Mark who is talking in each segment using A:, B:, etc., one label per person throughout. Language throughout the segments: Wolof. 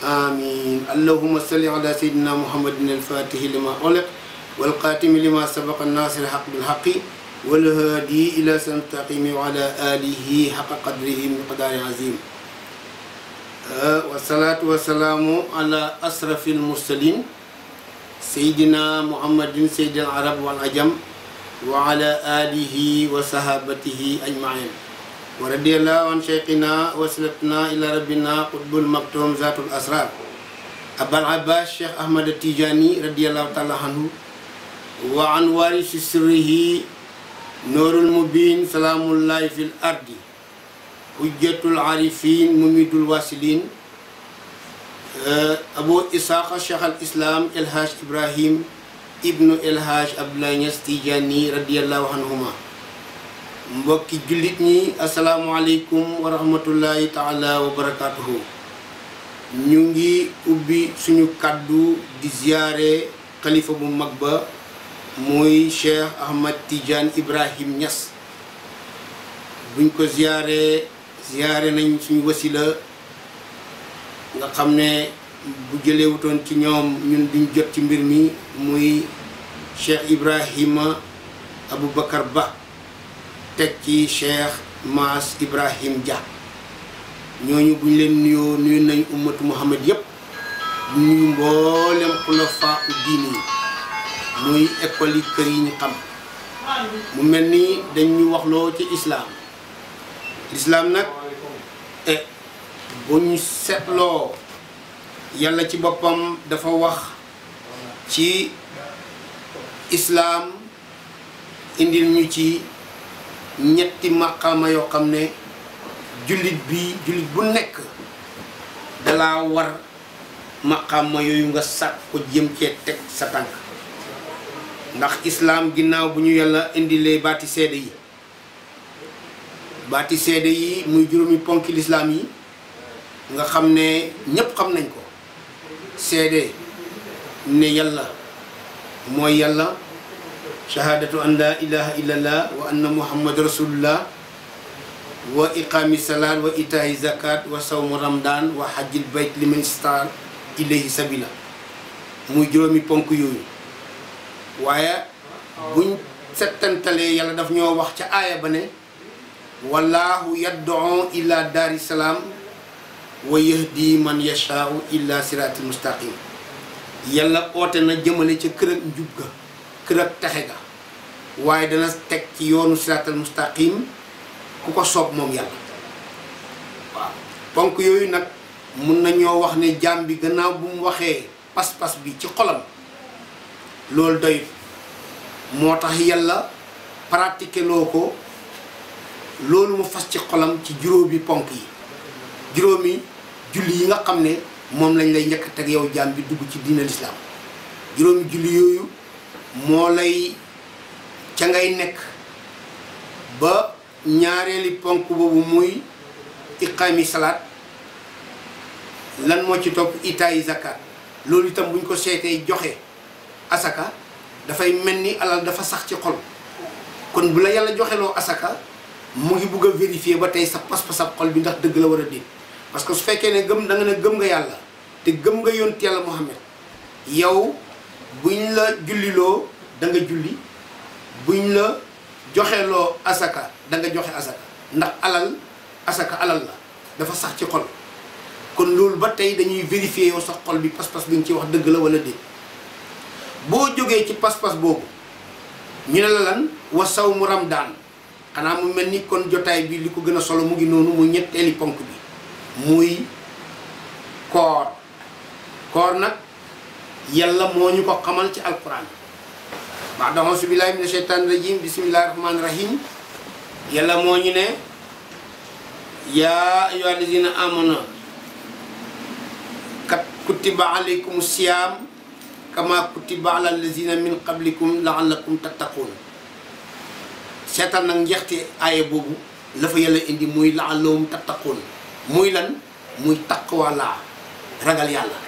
A: آمين اللهم صل على سيدنا محمد الفاتح لما أغلق والقاتم لما سبق الناصر الحق بالحق والهادي إلى سنتقيم وعلى آله حق قدره من قدر عظيم والصلاة والسلام على أسرف المرسلين سيدنا محمد سيد العرب والعجم وعلى آله وصحابته أجمعين ورضي الله عن شيخنا وسلتنا إلى ربنا قطب المكتوم ذات الأسرار أبا العباس الشيخ أحمد التيجاني رضي الله تعالى عنه وعن وارث سره نور المبين سلام الله في الأرض حجة العارفين مميد الواصلين أبو إسحاق الشيخ الإسلام الهاج إبراهيم ابن الهاج أبلا يستيجاني رضي الله عنهما mbokki jullit ñi asalaamualeykum wa rahmatullahi taala wa ñu ngi ubbi suñu kàddu di ziyaare xalifa bu mag ba muy Cheikh Ahmad Tidiane Ibrahim Niass buñ ko ziyaare ziyaare nañ suñu wasila nga xam ne bu jëlewutoon ci ñoom ñun duñ jot ci mbir mi muy Cheikh Ibrahima Aboubacar Ba teg ci Cheikh Maas Ibrahim Dia ñooñu buñ leen nuyoo nuyu nañ ummatu Muhammad yëpp nuyu mboolem xulafaa u diini yi muy école yi kër yi ñu xam mu mel ni dañ ñu waxloo ci islaam lislaam nag e bu seetloo yàlla ci boppam dafa wax ci islaam indil ñu ci ñetti maqaama yoo xam ne jullit bi jullit bu nekk dalaa war maqaama yooyu nga sàkk ko jëm cee teg sa tànk ndax islaam ginnaaw bu ñu yàlla indilee baati seede yi baati seede yi muy juróomi ponki lislaam yi nga xam ne ñépp xam nañ ko seede ne yàlla mooy yàlla shahadatu an la ilaha illallah wa anna muhammad rasulullah wa iqami salat wa itayi zakat wa sawmu ramadan wa hajjil bayt liman istar ilayhi sabila muy juróomi ponk yooyu waaye buñ settantalee yàlla daf ñoo wax ca aaya ba ne wallahu yad'u ila daari wa yahdi man yashaau illa siraatil mustaqim yàlla oote na jëmale ca kër ak njub kër ak texe ga waaye dana teg ci yoonu siraatal mustaqim ku ko soob moom yàlla waaw ponk yooyu nag mun nañoo wax ne jaam bi gannaaw bu mu waxee pas-pas bi ci xolam loolu doy moo tax yàlla pratiqué ko loolu mu fas ci xolam ci juróomi ponk yi juróomi julli yi nga xam ne moom lañ lay njëkk teg yow jaam bi dugg ci diina lislaam juróomi julli yooyu moo lay ca ngay nekk ba ñaareeli ponk boobu muy iqaami salaat lan moo ci topp itaayi zakat loolu itam buñ ko seetee joxe asaka dafay mel ni alal dafa sax ci xol kon bu la yàlla joxeloo asaka mu ngi bugg a vérifier ba tey sa pas-pas ak xol bi ndax dëgg la war a dégg parce que su fekkee ne gëm danga ne gëm nga yàlla te gëm nga yoon yont yàlla Muhammad yow buñ la julliloo danga nga julli bu ñu la loo asaka da nga joxe asaka ndax alal asaka alal la dafa sax ci xol kon loolu ba tey dañuy vérifier yow sax xol bi pas-pas bi ñu ci wax dëgg la wala déet boo jógee ci pas-pas boobu ñu ne la lan wa saw mu ramdaan xanaa mu mel ni kon jotaay bi li ko gën a solo mu ngi noonu muy ñetteeli ponk bi muy koor koor nag yàlla moo ñu ko xamal ci alquran baax da auzu billaahi mina sheytaani rajiim bismillaahi rahmaani rahiim yàlla moo ñu ne yaa ayyuhaa allaziina aamanu kat kutiba alaykum siyaam kama kutiba ala allaziina min qablikum laallakum tattaquun seetaan nag njeexte aaya boobu la fa yàlla indi muy laallahum tattaquun muy lan muy taqwa laa ragal yàlla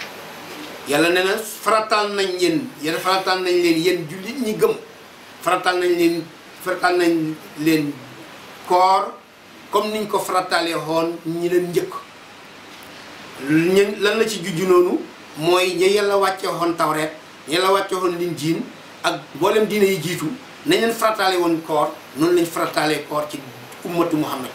A: yàlla ne na farataal nañ leen yàlla farataal nañ leen yéen jullit ñi gëm farataal nañ leen farataal nañ leen koor comme niñ ko farataalee xoon ñi leen njëkk lan la ci jujju noonu mooy ña yàlla wàcce xoon tawreet ña yàlla wàcce xoon jiin ak mboolem diine yi jiitu nañ leen farataale woon koor noonu lañ farataalee koor ci ummatu muhammad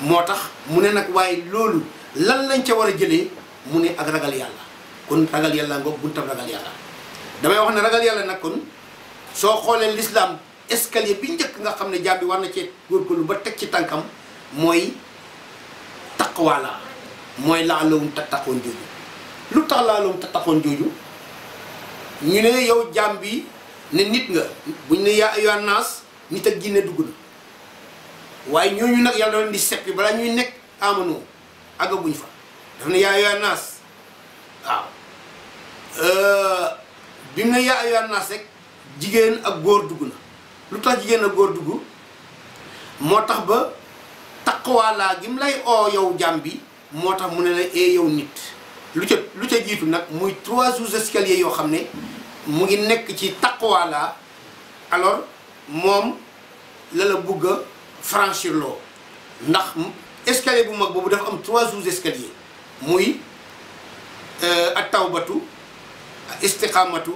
A: moo tax mu ne nag waaye loolu lan lañ ca war a jëlee mu ne ak ragal yàlla kon ragal yàlla ngoog buntam ragal yàlla damay wax ne ragal yàlla nag kon soo xoolee l'islam escalier bi njëkk nga xam ne jàmbi war na cee lu ba teg ci tànkam mooy taqwa la mooy laalawum tattaxoon jooju lu tax tax tattaxoon jooju ñu ne yow jàmm bi ne nit nga buñ ne yaa ayyuhan naas nit ak jinne dugg na waaye ñooñu nag yàlla da leen di seppi balaa ñuy nekk amano àggaguñ fa daf ne yaa ayyuhan naas waaw Euh, bi mu ne yaa ayyuhan naas jigéen ak góor dugg na lu tax jigéen ak góor dugg moo tax ba taqwa laa gi mu lay oo yow jàmm bi moo tax mu ne la ee eh, yow nit lu ca lu ca jiitu nag muy trois jours escaliers yoo xam ne mu ngi nekk ci taqwa laa alors moom la la bugg a franchir loo ndax escalier bu mag boobu dafa am trois sous escaliers muy euh, at tawbatu istiqaamatu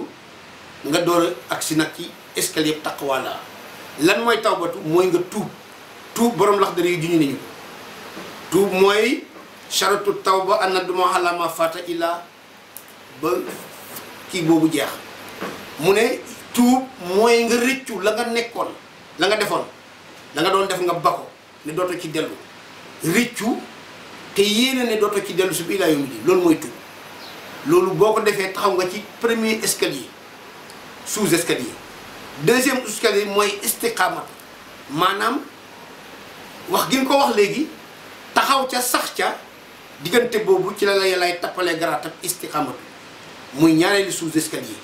A: nga door a agsi nag ci escalier taqwa la lan mooy taw tawbatu mooy nga tuub tuub boroom lax dara yi juñu nañu ko tuub mooy charatu tawba an naduma ala ma fata ila ba kii boobu jeex mu ne tuub mooy nga rëccu la nga nekkoon la nga defoon danga doon def nga bako ne dooto ci dellu rëccu te yéene ne dooto ci dellu su bi ilaa yombi loolu mooy tuub loolu boo ko defee taxaw nga ci premier escalier sous escalier deuxième escalier mooy istiqaamat maanaam wax gi nga ko wax léegi taxaw ca sax ca diggante boobu ci la la yàllaay tappalee garaat ak istiqaamat muy ñaareelu sous escalier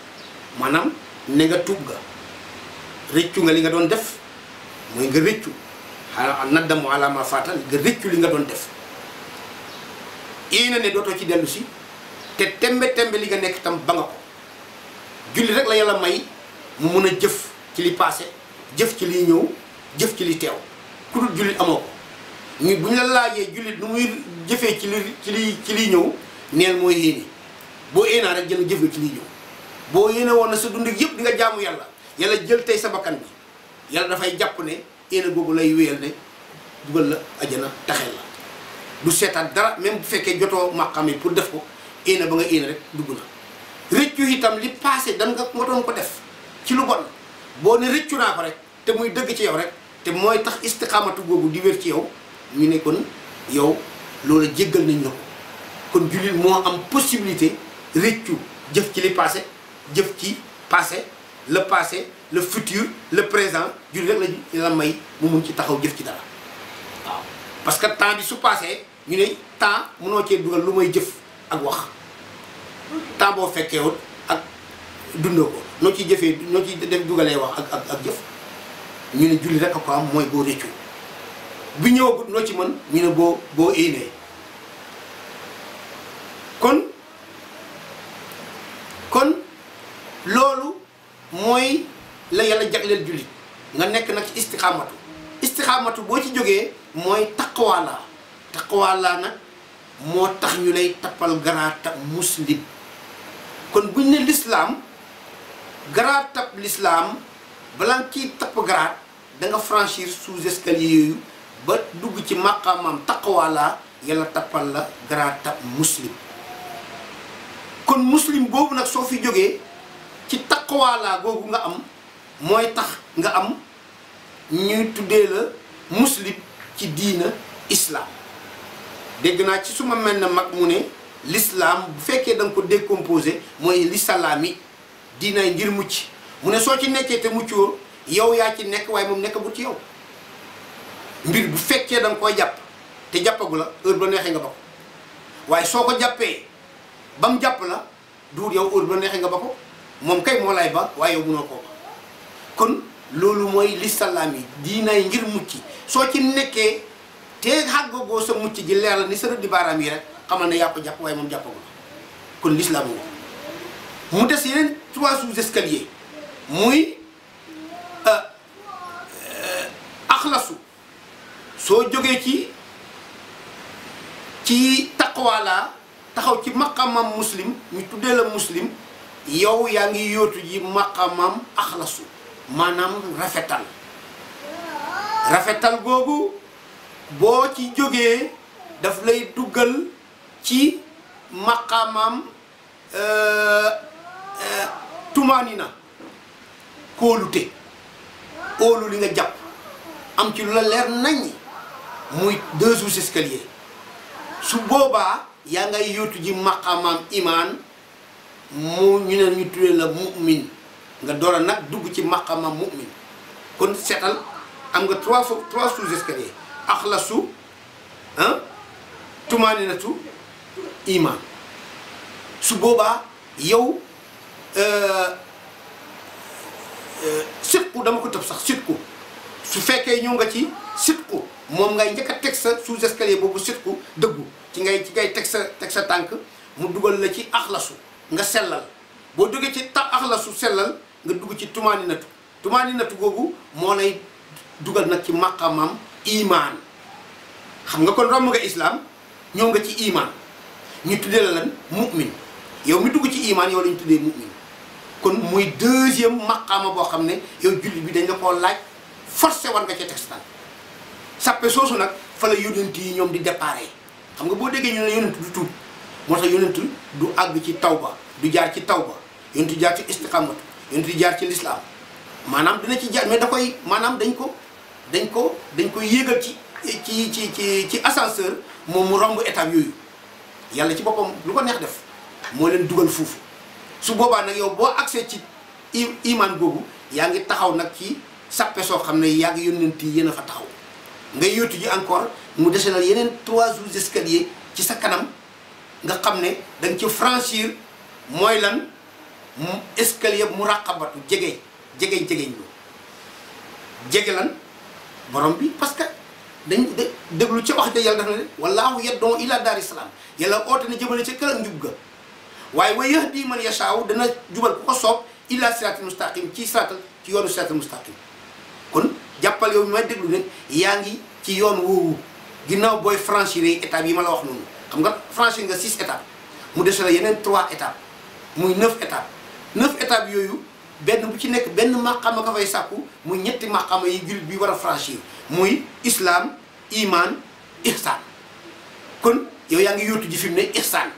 A: maanaam ne nga tuub nga rëccu nga li nga doon def mooy nga rëccu xaaral naddamu alama faata nga rëccu li nga doon def yéena ne dootoo ci dellusi te tembe tembe li nga nekk tam ba nga ko julli rek la yàlla may mu mun a jëf ci li passé jëf ci liy ñëw jëf ci li teew ku dul jullit amoo ko ñu bu ñu la laajee jullit nu muy jëfee ci ci li ci liy ñëw neel mooy yéene boo yéenaa rek jël jëf nga ci liy ñëw boo yéene woon na sa dund yëpp di nga jaamu yàlla yàlla jël tey sa bakkan bi yàlla dafay jàpp ne yéene googu lay wéyal ne dugal la ajana taxel la du seetaat dara même bu fekkee jotoo màqam yi pour def ko éena ba nga éena rek dugg na rëccu itam li passé dan nga nga doon ko def ci lu bon boo ne rëccu naa ko rek te muy dëgg ci yow rek te mooy tax istiqaamatu googu di wér ci yow ñu ne kon yow loolu jéggal nañ la ko kon jullit moo am possibilité rëccu jëf ci li passé jëf ci passé le passé le futur le présent jullit rek la la may mu mun ci taxaw jëf ci dara waaw parce que temps bi su passé ñu ne temps munoo cee dugal lu may jëf ak wax temps boo fekkeewut ak dundoo ko noo ciy jëfee noo ciy def dugalee wax ak ak jëf ñu ne julli rek ko am mooy boo réccu bu ñëwagut noo ci mën ñu ne boo boo éenee kon kon loolu mooy la yàlla jagleel jullit nga nekk nag ci istixaamatu istixaamatu boo ci jógee mooy taqwaa laa taqwaa laa nag moo tax ñu lay tappal garaata muslim kon buñ ne l'islam garaat tab l'islam balaa nga ciy tapp garaat da nga sous escalier yooyu ba dugg ci maqaamam taqwa la yàlla tappal la garaat tab muslim kon muslim boobu nag soo fi jógee ci taqwa googu nga am mooy tax nga am ñuy tuddee la muslim ci diina islam dégg naa ci suma mel na mag mu ne lislaam bu fekkee da nga ko décomposé mooy li salaami diina ngir mucc mu ne soo ci nekkee te muccoo yow yaa ci nekk waaye moom nekk bu ci yow mbir bu fekkee da koy jàpp te jàppagu la neexee nga ba waaye soo ko jàppee ba mu jàpp la duur yow neexee nga ba moom kay moo ba waaye yow mënoo kon loolu mooy li salaami diinaay ngir mucc soo ci nekkee te xàggagoo sa mucc ji leer la ni sa rëdd baaraam yi rek xamal ne yaa ko jàpp waaye moom jàppagul kon l'islam mu des yeneen trois sous-escaliers muy euh, euh, axlasu soo jógee ci ci taqwa taxaw ci maqamam muslim ñu tuddee la muslim yow yaa ngi yootu ji maqamam axlasu maanaam rafetal rafetal boobu boo ci jógee daf lay duggal ci maqaamaam euh, euh, na kóolute óolu li nga jàpp am ci lu la leer naññi muy deux sous-escaliers su boobaa yaa ngay yootu ji maqaamaam imaan mu ñu ne ñu tuddee la mu'min nga door nag dugg ci maqaamaam mu'min kon seetal am nga trois trois sous-escaliers axlasu ah tumaanina tu imaan su boobaa yow euh, euh, sitku dama ko tëb sax sitku su fekkee ñëw nga ci sitku moom ngay njëkk a teg sa sous escalier boobu sitku dëggu ci ngay ci teg sa teg sa tànk mu dugal la ci axlasu nga sellal boo duggee ci ta axlasu sellal nga dugg ci tumaani natu tumaani natu googu moo lay dugal nag ci maqamam imaan xam nga kon romb nga islaam ñëw nga ci imaan ñu tuddee la lan mu'min yow mi dugg ci imaan yow la ñu tuddee mu'min kon mooy deuxième maqaama boo xam ne yow jullit bi dañ la koo laaj forcé war nga ca textal sappe soosu nag fa la yonent yi ñoom di déparé xam nga boo déggee ñu ne yonent du tuub moo tax yonent du àgg ci taw ba du jaar ci tawba yonent du jaar ci istiqamatu yonent du jaar ci lislaam maanaam dina ci jaar mais da koy maanaam dañ ko dañ ko dañ koy yéegal ci ci ci ci ci ascenseur moom mu romb étape yooyu yàlla ci boppam lu ko neex def moo leen dugal foofu su boobaa nag yow boo accès ci iman boobu yaa ngi taxaw nag ci sappe soo xam ne yaa ngi yónnent yi yéen a fa taxaw nga yóotu ji encore mu desenal yeneen trois jours escalier ci sa kanam nga xam ne da nga ci franchir mooy lan escalier mu raqabatu jege jege jegeñ lu jege lan borom bi parce que dañ de déglu ca wax ja yàlla def na de wallaahu yaddoo ila daari salaam yàlla oote na jëmale ca kër ak njub ga waaye wa yahdi man yashaaw dana jubal ku ko soob ila siraatil mustaqim ci siraatal ci yoonu siraatil mustaqim kon jàppal yow may déglu ne yaa ngi ci yoon woowu ginnaaw booy franchir étapes yi ma la wax noonu xam nga franchir nga six étapes mu des la yeneen trois étapes muy neuf étapes neuf étapes yooyu benn bu ci nekk benn maqama ka fay sàkku muy ñetti maqama yi jullit bi war a franchir muy islaam imaan ihsaan kon yow yaa ngi yóotu ji fi mu ne ihsaan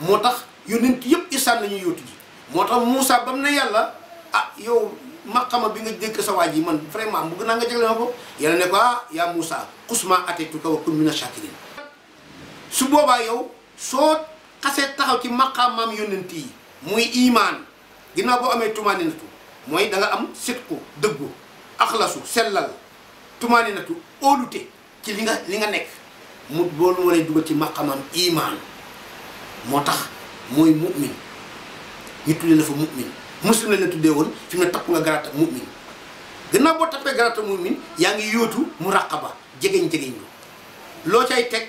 A: moo tax yónent yëpp ihsaan la ñuy yóotu ji moo tax Moussa ba mu yàlla ah yow maqama bi nga dénk sa waaj yi man vraiment gën naa nga jagle ma ko yàlla ne ko ah yaa Moussa xusma atetuka wa kun mina shakirin su boobaa yow soo xasee taxaw ci maqamaam yónent yi muy imaan ginnaaw boo amee tumaaninatu mooy da am sitku dëggu axlasu sellal tumaaninatu óolute ci li nga li nga nekk mu boolu ma lay dugal ci maqamam imaan moo tax mooy mu'min ñu tuddee la fa mu'min muslim lañ la tuddee woon fi mu ne tapp nga garaata mu'min gannaaw boo tappee garaata mu'min yaa ngi yootu mu raqaba jegeñ jegeñ lu loo cay teg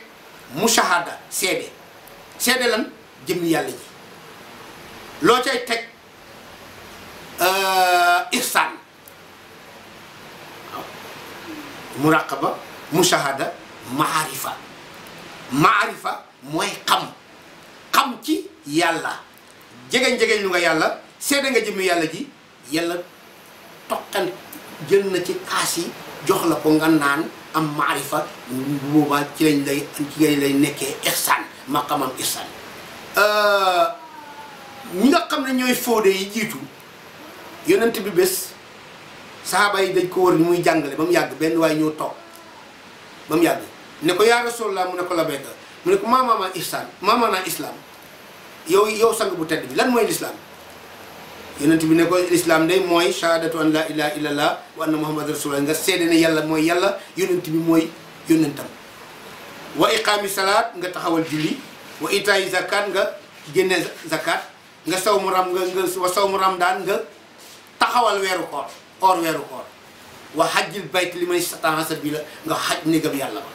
A: mu shahada seede seede lan jëmmi yàlla ji loo cay teg Euh, ihsaan waaw muraqaba mushahada maarifa maarifa mooy xam xam ci yàlla jegeñ jegeñ lu nga yàlla seede nga jëmmi yàlla ji yàlla toqan jël na ci kaas yi jox la ko nga naan am maarifa boobaa ci lañ lay ci lañ lay nekkee ihsaan maqamam ihsaan euh, nga xam ne ñooy fóode yi jiitu yonent bi bés saxaaba dañ ko wër muy jàngale ba mu yàgg benn waaye ñëw toog ba mu yàgg ne ko yaa rasulallah mu ne ko la béyka mu ne ko maamaama ihsaan maamaanaa islaam yow yow sang bu tedd bi lan mooy lislaam yonent bi ne ko lislaam day mooy shahadatu an la ilaha illallah wa anna muhammad rasulullah nga seede ne yàlla mooy yàlla yonent bi mooy yonentam wa iqaami salaat nga taxawal julli wa itaayi zakat nga génne zakat nga saw mu ram nga saw mu nga taxawal weeru koor or weeru koor wa xajjil bayt li may satan sa bii la nga xaj négam yàlla ba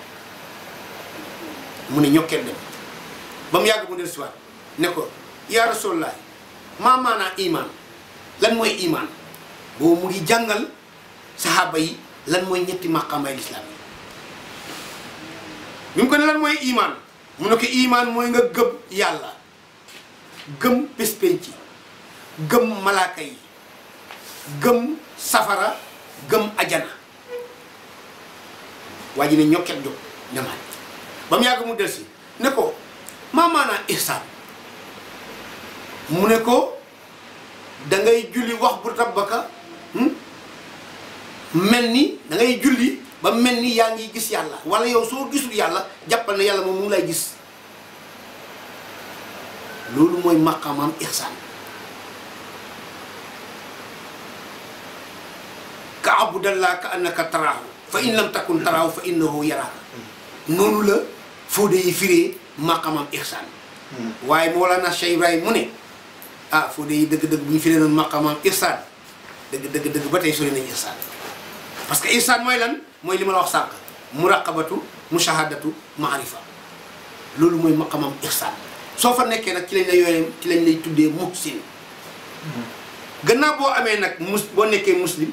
A: mu ne ñokkee dem ba mu yàgg mu del siwaat ne ko yaa rasulullah maa maanaa iman lan mooy iman boobu mu ngi jàngal saxaaba yi lan mooy ñetti maqaamay lislaam yi mu ko ne mu ne ko iman mooy nga gëm yàlla gëm bés penc gëm malaaka yi gëm safara gëm ajana waa ji ne ñokket jóg demaat ba mu yàgg mu del si ne ko maa maanaa mu ne ko dangay ngay julli wax bu tabbaka hmm? mel ni da ngay julli ba mel ni yaa ngi gis yàlla wala yow soo gisul yàlla jàppal na yàlla moom mu ngi lay gis loolu mooy maqaamam ihsaan ka abudallah ka annaka taraahu fa in lam takun taraahu fa innahu yaraaka noonu la Fodé yi firee maqamam ihsaan waaye Mawlana Cheikh Ibrahima mu ne ah Fodé yi dëgg-dëgg bu ñu firee noonu maqamam ihsaan dëgg dëgg dëgg ba tey sori nañu ihsaan parce que ihsaan mooy lan mooy li ma la wax sànq muraqabatu mushahadatu maarifa loolu mooy maqamam ihsaan soo fa nekkee nag ci lañ la yooyee ci lañ lay tuddee muhsin gannaaw boo amee nag mus boo nekkee muslim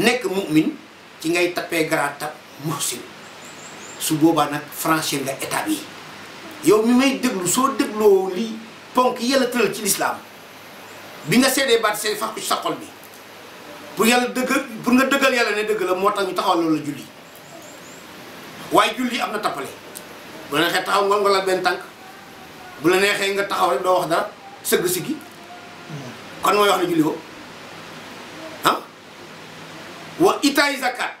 A: nekk mu'min ci ngay tappee garaat tap muhsin su boobaa nag franchir nga étape yi yow mi may déglu soo dégloo li ponk yàlla tëral ci lislaam bi nga seedee baat seede fax bi pour yàlla dëggal pour nga dëggal yàlla ne dëgg moo tax ñu taxawal loolu la julli waaye julli am na tappale bu la neexee taxaw nga tànk bu la neexee nga taxaw doo wax dara sëgg gi hmm. kon mooy wax ne julli ko itaay zakat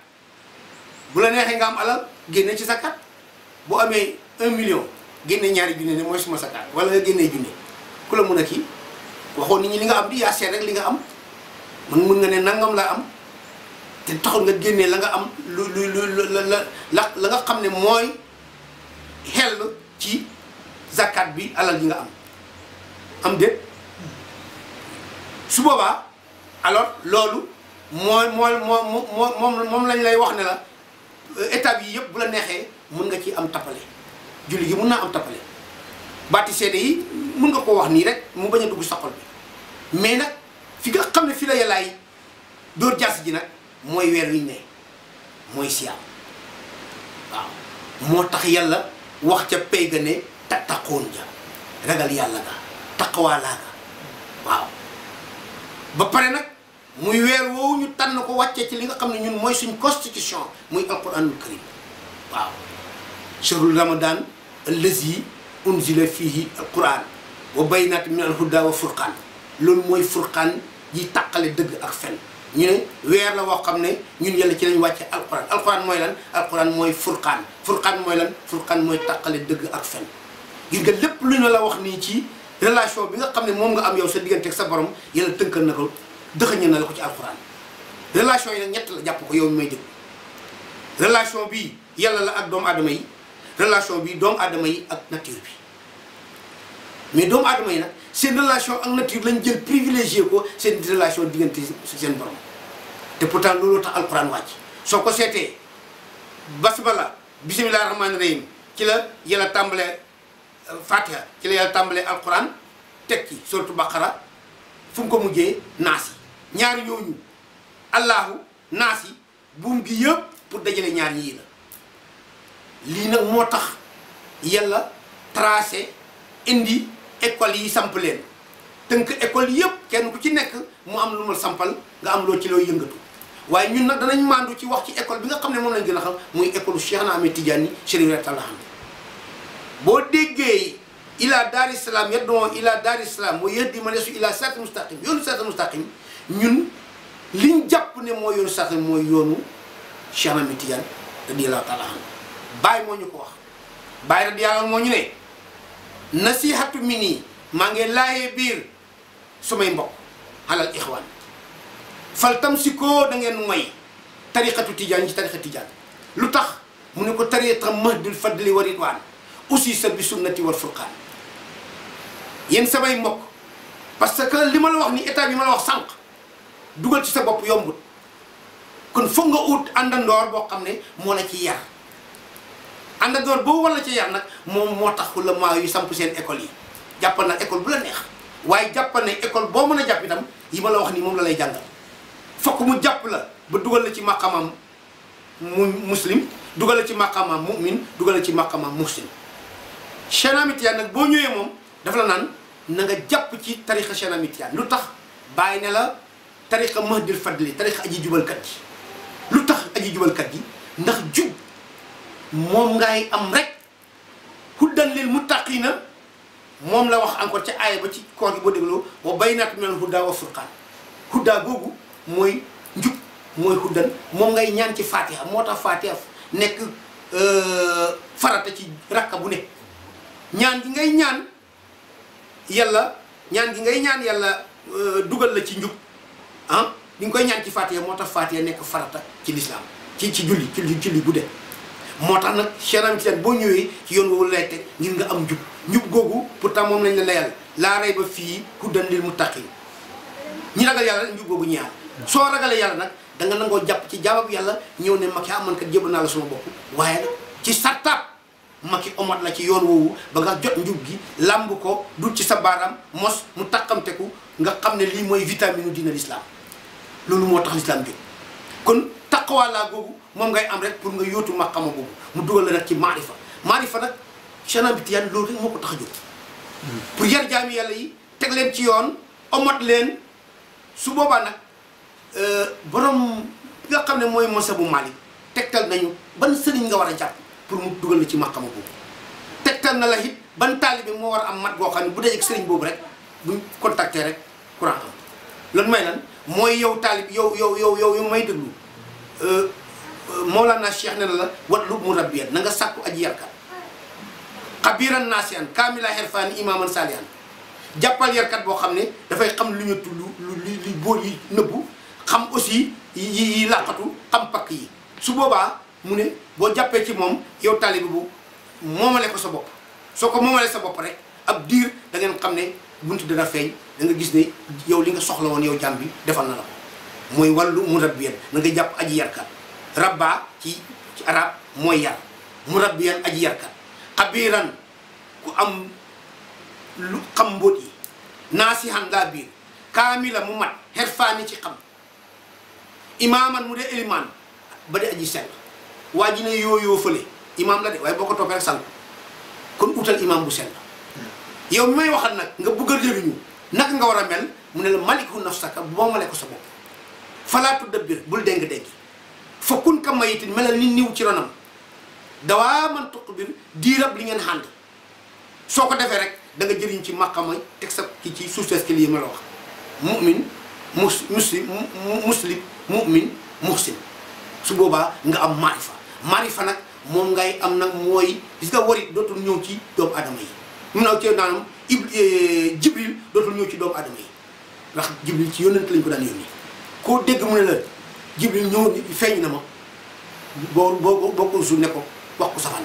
A: bu la neexee nga am alal génne ci zakat bu amee un million génne ñaari junne ne mooy suma zakat wala nga génnee junne ku la mën a kii waxoon nit ñi li nga am di yaa rek li nga am mën mën nga ne nangam laa am te taxul nga génnee la nga am lu lu lu la la la nga xam ne mooy xel ci zakat bi alal ji nga am am déet su boobaa alors loolu mooy mooy moom moom moom lañ lay wax ne la euh, étape yi yëpp bu la neexee mun nga ci am tappale julli gi mun naa am tappale baati seede yi mun nga koo wax nii rek mu bañ a dugg sa xol bi mais nag fi nga xam ne fi la yàllaay dóor jaas ji nag mooy weer wi ne mooy siyaam waaw moo tax yàlla wax ca pay ga ne tattaqoon ja ragal yàlla ga taqwaalaa ga waaw ba pare nag muy weer woowu ñu tànn ko wàccee ci li nga xam ne ñun mooy suñ constitution muy alquranul karim waaw shahrul ramadan allazi unzila fihi alquran wa baynat min alhuda wa furqaan loolu mooy furqaan yi taqale dëgg ak fen ñu ne weer la woo xam ne ñun yàlla ci lañ wàcce alquran alquran mooy lan alquran mooy furqaan furqaan mooy lan furqaan mooy taqale dëgg ak fen gis gën lépp lu ñu la wax nii ci relation bi nga xam ne moom nga am yow sa diggante ak sa borom yàlla tënkal na ko dëxëñal na la ko ci alxuraan relation yi nag ñett la jàpp ko yow mi may déglu relation bi yàlla la ak doomu adama yi relation bii doomu aadama yi ak nature bi mais doomu adama yi nag seen relation ak nature lañ jël privilégié ko seen relation diggante seen borom te pourtant looloo tax alxuraan wàcc soo ko seetee basmala bisimilah rahmaani rahim ci la yàlla tàmbalee fatiha ci la yàlla tàmbalee alxuraan teg ci surtout baqara fu mu ko mujjee ñaar ñooñu allahu naas yi buum gi yëpp pour dajale ñaar yii la lii nag moo tax yàlla tracé indi école yi samp leen tënk école yëpp kenn ku ci nekk mu am lu ma sampal nga am loo ci looy yëngatu waaye ñun nag danañ maandu ci wax ci ecole bi nga xam ne moom lañ gën a xam muy école Cheikh na Ahmed Tidiane Chérif Ratallahan boo déggee ila daari salaam yaddoo ila daari salaam wa yahdi man yasu ila siraatin mustaqim ñun liñ jàpp ne mooy yoonu sax mooy yoonu Cheikh Ahmed Tidiane radiyallahu taala anhu moo ñu ko wax Baye radiyallahu moo ñu ne nasihatu mi nii maa ngi laayee biir sumay mbokk alal ixwaan fal tam si koo da ngeen mooy tariqatu Tidiane ci tariqa Tidiane lu tax mu ne ko tariqa mahdul fadli wa ridwaan aussi sa bi sunnati wal furqaan yéen samay mbokk parce que li ma la wax ni état bi ma la wax sànq. dugal ci sa bopp yombut kon foog nga ut àndandoor boo xam ne moo la ci yar àndandoor boo war la ci yar nag moom moo tax ulama yu samp seen école yi jàppal na école bu la neex waaye jàppal ne école boo mën a jàpp itam yi ma la wax nii moom la lay jàngal fokk mu jàpp la ba dugal la ci maqamam mu muslim dugal la ci maqamam mu'min dugal la ci maqamam muhsin chenamitian nag boo ñëwee moom dafa la naan na jàpp ci tarixa chenamitian lu tax bàyyi ne la tariqa mahdil fadli tariqa aji jubalkat yi lu tax aji jubalkat yi ndax jub moom ngay am rek huddan lil na moom la wax encore ca aaya ba ci koor gi boo dégloo bay baynat minal huda wa furqaan huda googu mooy njub mooy huddan moom ngay ñaan ci fatiha moo tax fatiha nekk euh, farata ci rakka bu nekk ñaan gi ngay ñaan yàlla ñaan gi ngay ñaan yàlla euh, dugal la ci njub hum ah ñu ngi koy ñaan ci Fatiha moo tax faat Fatiha nekk farata ci lislaam ci ci julli ci ci li moo tax nag cheram ci boo ñëwee ci yoon woowu lay teg ngir nga am njub njub googu pourtant moom lañ la layal laa ba fii hudan lil muttaqin ñi ragal yàlla njub googu soo ragalee yàlla nag da nga nangoo jàpp ci jaabab yàlla ñëw ne Macky amoon ah kat jébal naa la sama bopp waaye nag ci mag Macky omat la ci yoon woowu ba nga jot njub gi làmb ko du ci sa baaraam mos mu taqamteku nga xam ne lii mooy vitamine dina l'islam loolu moo tax lislaam bi kon taqwa laa googu moom ngay am rek pour nga yóotu maqama boobu mu dugal la nag ci maarifa maarifa nag chanaan bi tiyaan loolu rek moo ko tax a jóg pour yar jaami yàlla yi teg leen ci yoon omat leen su boobaa nag euh, borom bi nga xam ne mooy monsa bu Maalik tegtal nañu ban sëriñ nga war a jàpp pour mu dugal la ci maqama boobu tegtal na la it ban taalibe moo war am mat goo xam ne bu dee ak sëriñ boobu rek buñ contacté rek courant am loolu may lan mooy yow taalib yow yow yow yow yow may déglu euh, euh, Mawlana Cheikh ne na la watlub murabbiyan na nga sàkku aji yarkat xabiran naasiyan kaamila xerfaani imaaman saalihan jàppal yarkat boo xam ne dafay xam lu ñu lu lu lu bóor yi nëbbu xam aussi yi yi làqatu xam pakk yi su boobaa mu ne boo jàppee ci moom yow taalib bu moomale ko sa bopp soo ko moomalee sa bopp rek ab diir da ngeen xam ne bunt dana feeñ da nga gis ne yow li nga soxla woon yow jàmm bi defal na la ko mooy wàllu murabbiyan na nga jàpp aji yarkat rabba ci ci arab mooy yar murabbiyan aji yarkat xabiiran ku am lu xam mbóot yi naasihan ngaa biir kaamila mu mat xerfaani ci xam imaaman mu dee ilimaan ba di aji sell waa ji ne yooyoo fële imaam la de waaye boo ko toppee rek sànq kon utal imaam bu sell hmm. yow mi may waxal nag nga bëgg a naka nga war a mel mu ne la maliku nafsaka moomale ko sa bopp falaatu dëbbir bul déng-déng fa kun ka mayitin melal ni niw ci ronam dawaa man tuq bir diirab li ngeen xànd soo ko defee rek da nga jëriñ ci maqama teg sa ki ci suufsees ki lii ma la wax mu'min mus muslim muslim mu'min muhsin su boobaa nga am maarifa maarifa nag moom ngay am nag mooy gis nga warit dootul ñëw ci doomu adama yi ib eh, jibril dootul ñëw ci doomu aadama yi ndax jibril ci yónnent lañ ko daan yónni koo dégg mu ne la jibril ñëw feeñ na ma boo boo boo ko su ne ko wax ko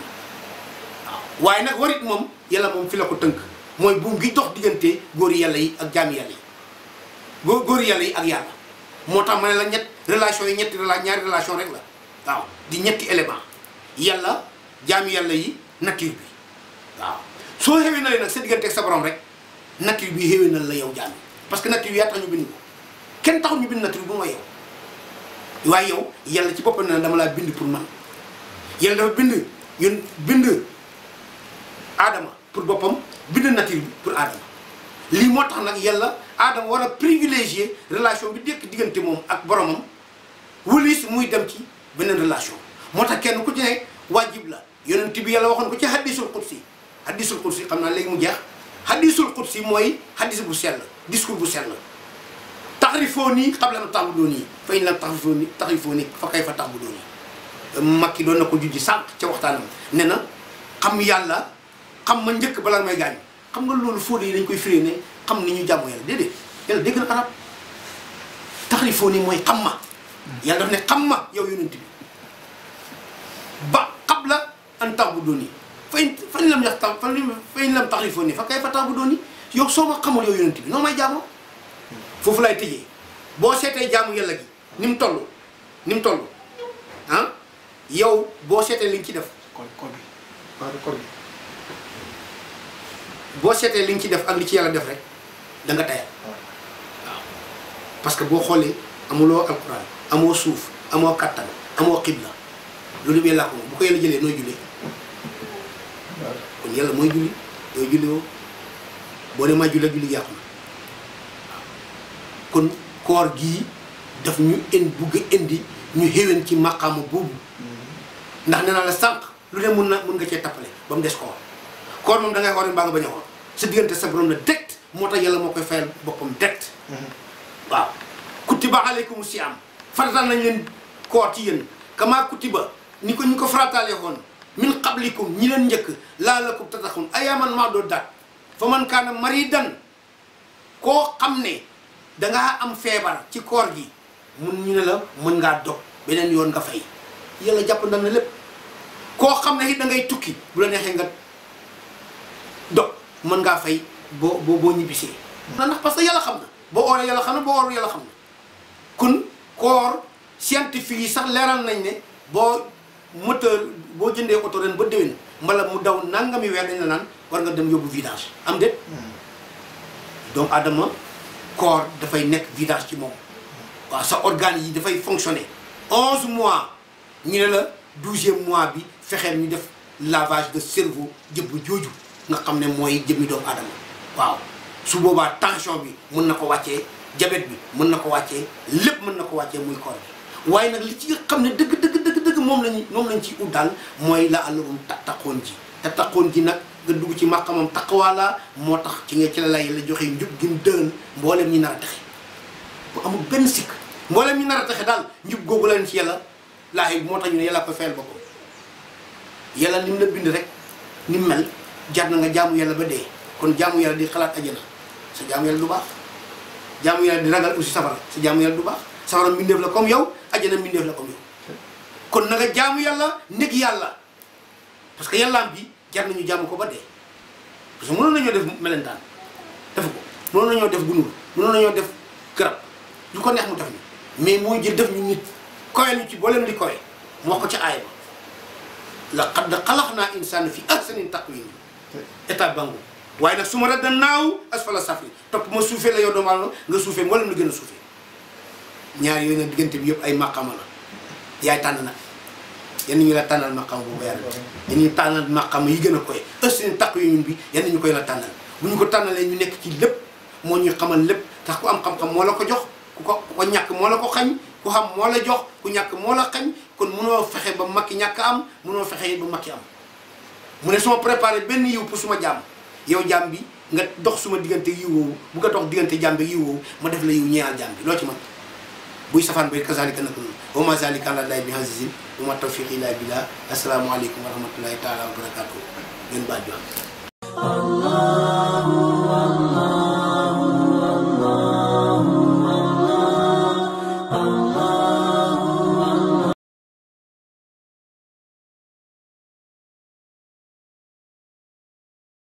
A: waaye nag warit moom yàlla moom fi la ko tënk mooy buum gi dox diggante góor yàlla yi ak jaami yàlla yi góor góor yàlla yi ak yàlla moo tax ma ne la ñett relation yi ñetti rela ñaari relation rek la waaw di ñetti élément yàlla jaami yàlla yi nature bi waaw soo xéwee na nag sa digganteeg sa borom rek natt bi xéwee na la yow jàmm parce que natt bi yaa tax ñu bind ko kenn taxul ñu bind natt bi bu ma yow yàlla ci boppam ne dama laa bind pour man bind yun bind aadama pour boppam bind nature pour aadama moo tax nag yàlla aadama war a relation bi dekk diggante moom ak boromam wëlis muy dem ci beneen relation moo tax kenn ku ci ne wajib la yonent bi yàlla waxoon ko ci hadisul qudsi hadisul qudsi xam naa léegi mu jeex hadisul qudsi mooy hadis bu sell discours bu sell taxrifoo nii xam la na tax bu doon yi fa in lam taxrifoo nii taxrifoo nii fa kay fa tax bu doon yi doon na ko jujji sànq ca waxtaanam ne na xam yàlla xam ma njëkk balaa may gaañ xam nga loolu fóode yi dañ koy firée ne xam ni ñu jàmm yàlla déedéet yàlla dégg na arab mooy xam ma yàlla daf xam ma yow yonent bi ba qabla an tax bu doon yi fayn fayn lam yax tam fan fayn lam fa kay fa tax bu doon ni yow soo ma xamul yow yonent bi noo foofu lay tëjee boo seetee jaamu yàlla gi ni mu toll ni mu toll ah, yow boo seetee li nga ci def kon kon li nga ci def ak li ci yàlla def rek danga nga parce que boo xoolee amuloo alquran amoo suuf amoo kàttan amoo xibla loolu bee laa ko moom bu ko yàlla jëlee nooy jullee kon mooy julli yow julli woo boo ne maa julli ak julli yàqu na kon koor gii daf ñu indi bugg indi ñu xéwén ci maqaama boobu ndax nee naa la sànq lu ne mun na mun nga cee tappale ba mu des koor koor moom da ngay xool nga bañ xool sa diggante sa borom la dëkk moo tax yàlla moo koy fayal boppam dëkk waaw kutiba aleykum siyaam faratal nañ leen koor ci yéen kamaa ba ni ko ñu ko farataalee xoon min qablikum ñi leen njëkk laa laalakum tataxun ayaaman maadudat fa man kaana maridan koo xam ne danga am feebar ci koor gi mun ñu ne la mën ngaa dog beneen yoon nga fay yàlla jàpp na na lépp koo xam ne it da ngay tukki bu la neexee nga dog mën ngaa fay boo boo boo ñibbisee a ndax parce que yàlla xam na boo ooree yàlla xam na boo oorul yàlla xam na kon koor scientifique yi sax leeral nañ ne boo moteur boo jëndee oto ren ba déwén mala mu daw nangami weer dañ la naan war nga dem yóbbu vidange am déet doomu aadama corps dafay nekk vidange ci moom waaw sa organe yi dafay fonctionner onze mois ñu ne la douzième mois bi fexee ñu def lavage de cerveau jëmm jooju nga xam ne mooy jëmmi doomu aadama waaw su boobaa tension bi mun na ko wàccee jabet bi mën na ko wàccee lépp mën na ko wàccee muy corps waaye nag li ci nga xam ne dëgg dëgg dëgg moom lañu moom lañ ci ut daal mooy la allahum tattaqoon ji te taqoon ji nag nga dugg ci màqamam taqwaalaa moo tax ci nga ci la lay la joxe njub gi mu dëgën mboolem ñi nar a taxe bu amul benn sikk mboolem ñi nar a taxe daal njub googu leen ci yàlla laahi moo tax ñu ne yàlla ko fayal boppam yàlla lim la bind rek ni mel jar na nga jaamu yàlla ba dee kon jaamu yàlla di xalaat ajana sa jaamu yàlla du baax jaamu yàlla di ragal aussi safara sa jaamu yàlla du baax safara la comme yow ajana mbindeef la comme yow kon na nga jaamu yàlla nekk yàlla parce que yàlla bi jar nañu jaamu ko ba dee parce que mënoon nañoo def melentaan defu ko mënoon nañoo def gunóor mënoon nañoo def garab lu ko neex mu def ñu mais mooy jël def ñu nit koye ñu ci booleem li koye mu wax ko ca aaya ba laqad xalaqnaa insaana fi ahsani taqwiim état bango waaye nag su ma radda naaw asfala safli topp ma suufee la yow doomu aadama nga suufee mboolem lu gën a suufee ñaar yooyu nag diggante bi yëpp ay maqama yaay tànn nag yenn ñu la tànnal ma maqam boobu yàlla yenn ñu tànnal xam yi gën a koy ëssin takk yu ñun bi yenn ñu koy la tànnal bu ñu ko tànnalee ñu nekk ci lépp moo ñuy xamal lépp tax ku am xam-xam moo la ko jox ku ko ku ko ñàkk moo la ko xañ ku xam moo la jox ku ñàkk moo la xañ kon mënoo fexe ba makki ñàkk am mënoo fexe ba makki am mu ne suma préparé benn yiw pour suma jàmm yow jàmm bi nga dox suma diggante yiw woowu bu nga dox diggante jaam bi yiw woowu ma def la yiw ñeexal loo ci man buy safaan bay kazalika nako noonu wa ma zalika ala llahi bi azizin wa ma tawfiqi illa billah asalaamaaleykum wa rahmatullahi taala wa barakatuh ngeen baal jox